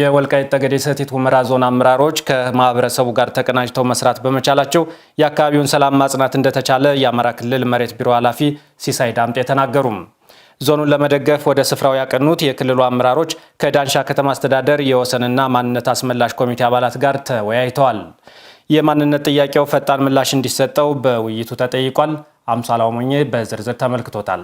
የወልቃይት ጠገዴ ሰቲት ሁመራ ዞን አመራሮች ከማህበረሰቡ ጋር ተቀናጅተው መስራት በመቻላቸው የአካባቢውን ሰላም ማጽናት እንደተቻለ የአማራ ክልል መሬት ቢሮ ኃላፊ ሲሳይ ዳምጤ ተናገሩም። ዞኑን ለመደገፍ ወደ ስፍራው ያቀኑት የክልሉ አመራሮች ከዳንሻ ከተማ አስተዳደር የወሰንና ማንነት አስመላሽ ኮሚቴ አባላት ጋር ተወያይተዋል። የማንነት ጥያቄው ፈጣን ምላሽ እንዲሰጠው በውይይቱ ተጠይቋል። አምሳላ ሞኜ በዝርዝር ተመልክቶታል።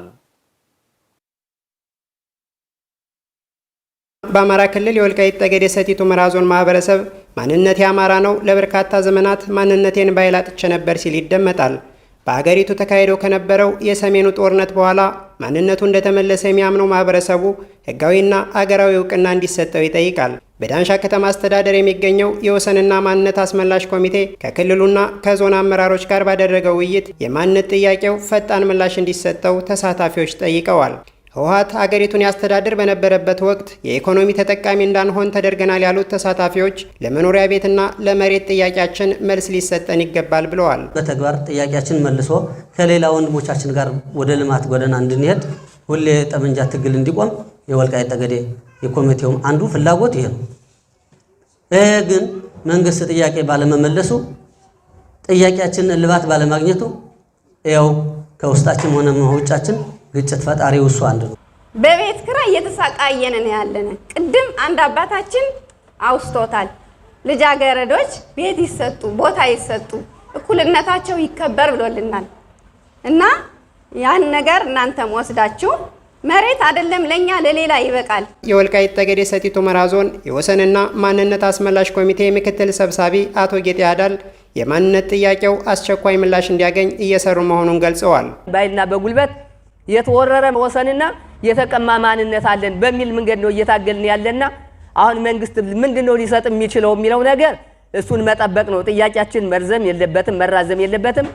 በአማራ ክልል የወልቃይት ጠገዴ ሰቲት ሁመራ ዞን ማህበረሰብ ማንነት አማራ ነው፣ ለበርካታ ዘመናት ማንነቴን ባይል አጥቼ ነበር ሲል ይደመጣል። በአገሪቱ ተካሂዶ ከነበረው የሰሜኑ ጦርነት በኋላ ማንነቱ እንደተመለሰ የሚያምነው ማህበረሰቡ ህጋዊና አገራዊ እውቅና እንዲሰጠው ይጠይቃል። በዳንሻ ከተማ አስተዳደር የሚገኘው የወሰንና ማንነት አስመላሽ ኮሚቴ ከክልሉና ከዞን አመራሮች ጋር ባደረገው ውይይት የማንነት ጥያቄው ፈጣን ምላሽ እንዲሰጠው ተሳታፊዎች ጠይቀዋል። ህወሀት አገሪቱን ያስተዳድር በነበረበት ወቅት የኢኮኖሚ ተጠቃሚ እንዳንሆን ተደርገናል ያሉት ተሳታፊዎች ለመኖሪያ ቤትና ለመሬት ጥያቄያችን መልስ ሊሰጠን ይገባል ብለዋል። በተግባር ጥያቄያችን መልሶ ከሌላ ወንድሞቻችን ጋር ወደ ልማት ጎዳና እንድንሄድ ሁሌ ጠመንጃ ትግል እንዲቆም የወልቃይት ጠገዴ የኮሚቴውም አንዱ ፍላጎት ይሄ ነው። ይሄ ግን መንግስት ጥያቄ ባለመመለሱ ጥያቄያችን እልባት ባለማግኘቱ ያው ከውስጣችን ሆነ ውጫችን ግጭት ፈጣሪው እሱ አንድ ነው። በቤት ክራ እየተሳቃየን ነው ያለን። ቅድም አንድ አባታችን አውስቶታል። ልጃገረዶች ቤት ይሰጡ፣ ቦታ ይሰጡ፣ እኩልነታቸው ይከበር ብሎልናል እና ያን ነገር እናንተም ወስዳችሁ መሬት አይደለም ለኛ ለሌላ ይበቃል። የወልቃይት ጠገዴ ሰቲት ሁመራ ዞን የወሰንና ማንነት አስመላሽ ኮሚቴ ምክትል ሰብሳቢ አቶ ጌጤ አዳል የማንነት ጥያቄው አስቸኳይ ምላሽ እንዲያገኝ እየሰሩ መሆኑን ገልጸዋል። በኃይልና በጉልበት የተወረረ ወሰንና የተቀማ ማንነት አለን በሚል መንገድ ነው እየታገልን ያለና አሁን መንግስት ምንድን ነው ሊሰጥ የሚችለው የሚለው ነገር እሱን መጠበቅ ነው። ጥያቄያችን መርዘም የለበትም መራዘም የለበትም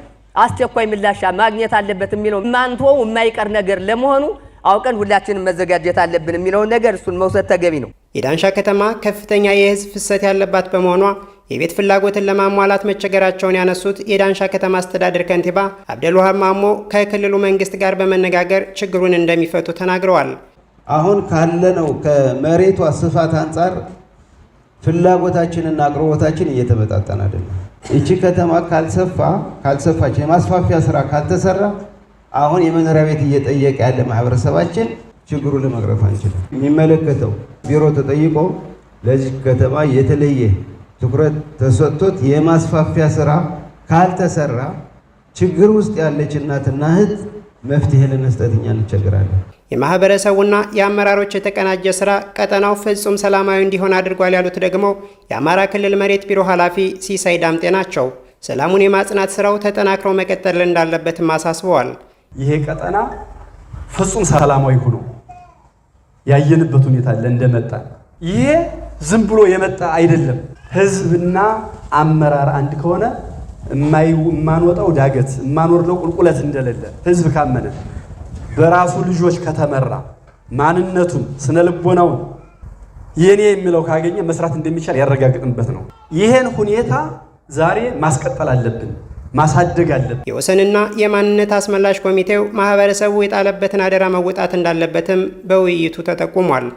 አስቸኳይ ምላሻ ማግኘት አለበት የሚለው ማንቶ የማይቀር ነገር ለመሆኑ አውቀን ሁላችንም መዘጋጀት አለብን የሚለውን ነገር እሱን መውሰድ ተገቢ ነው። የዳንሻ ከተማ ከፍተኛ የህዝብ ፍሰት ያለባት በመሆኗ የቤት ፍላጎትን ለማሟላት መቸገራቸውን ያነሱት የዳንሻ ከተማ አስተዳደር ከንቲባ አብደልውሃብ ማሞ ከክልሉ መንግስት ጋር በመነጋገር ችግሩን እንደሚፈቱ ተናግረዋል። አሁን ካለነው ከመሬቷ ስፋት አንጻር ፍላጎታችንና አቅርቦታችን እየተመጣጠን አይደለም። እቺ ከተማ ካልሰፋ ካልሰፋችን የማስፋፊያ ስራ ካልተሰራ አሁን የመኖሪያ ቤት እየጠየቀ ያለ ማህበረሰባችን ችግሩ ለመቅረፍ አንችልም። የሚመለከተው ቢሮ ተጠይቆ ለዚህ ከተማ የተለየ ትኩረት ተሰጥቶት የማስፋፊያ ስራ ካልተሰራ ችግር ውስጥ ያለች እናትና እህት መፍትሄ ለመስጠት እኛ እንቸግራለን። የማህበረሰቡና የአመራሮች የተቀናጀ ስራ ቀጠናው ፍጹም ሰላማዊ እንዲሆን አድርጓል ያሉት ደግሞ የአማራ ክልል መሬት ቢሮ ኃላፊ ሲሳይ ዳምጤ ናቸው። ሰላሙን የማጽናት ስራው ተጠናክሮ መቀጠል እንዳለበትም አሳስበዋል። ይሄ ቀጠና ፍጹም ሰላማዊ ሆኖ ያየንበት ሁኔታ ለእንደመጣ እንደመጣ ይሄ ዝም ብሎ የመጣ አይደለም። ህዝብና አመራር አንድ ከሆነ የማንወጣው ዳገት የማንወርደው ቁልቁለት እንደሌለ ህዝብ ካመነ በራሱ ልጆች ከተመራ ማንነቱን ስነ ልቦናውን የኔ የሚለው ካገኘ መስራት እንደሚቻል ያረጋግጥንበት ነው። ይህን ሁኔታ ዛሬ ማስቀጠል አለብን፣ ማሳደግ አለብን። የወሰንና የማንነት አስመላሽ ኮሚቴው ማህበረሰቡ የጣለበትን አደራ መወጣት እንዳለበትም በውይይቱ ተጠቁሟል።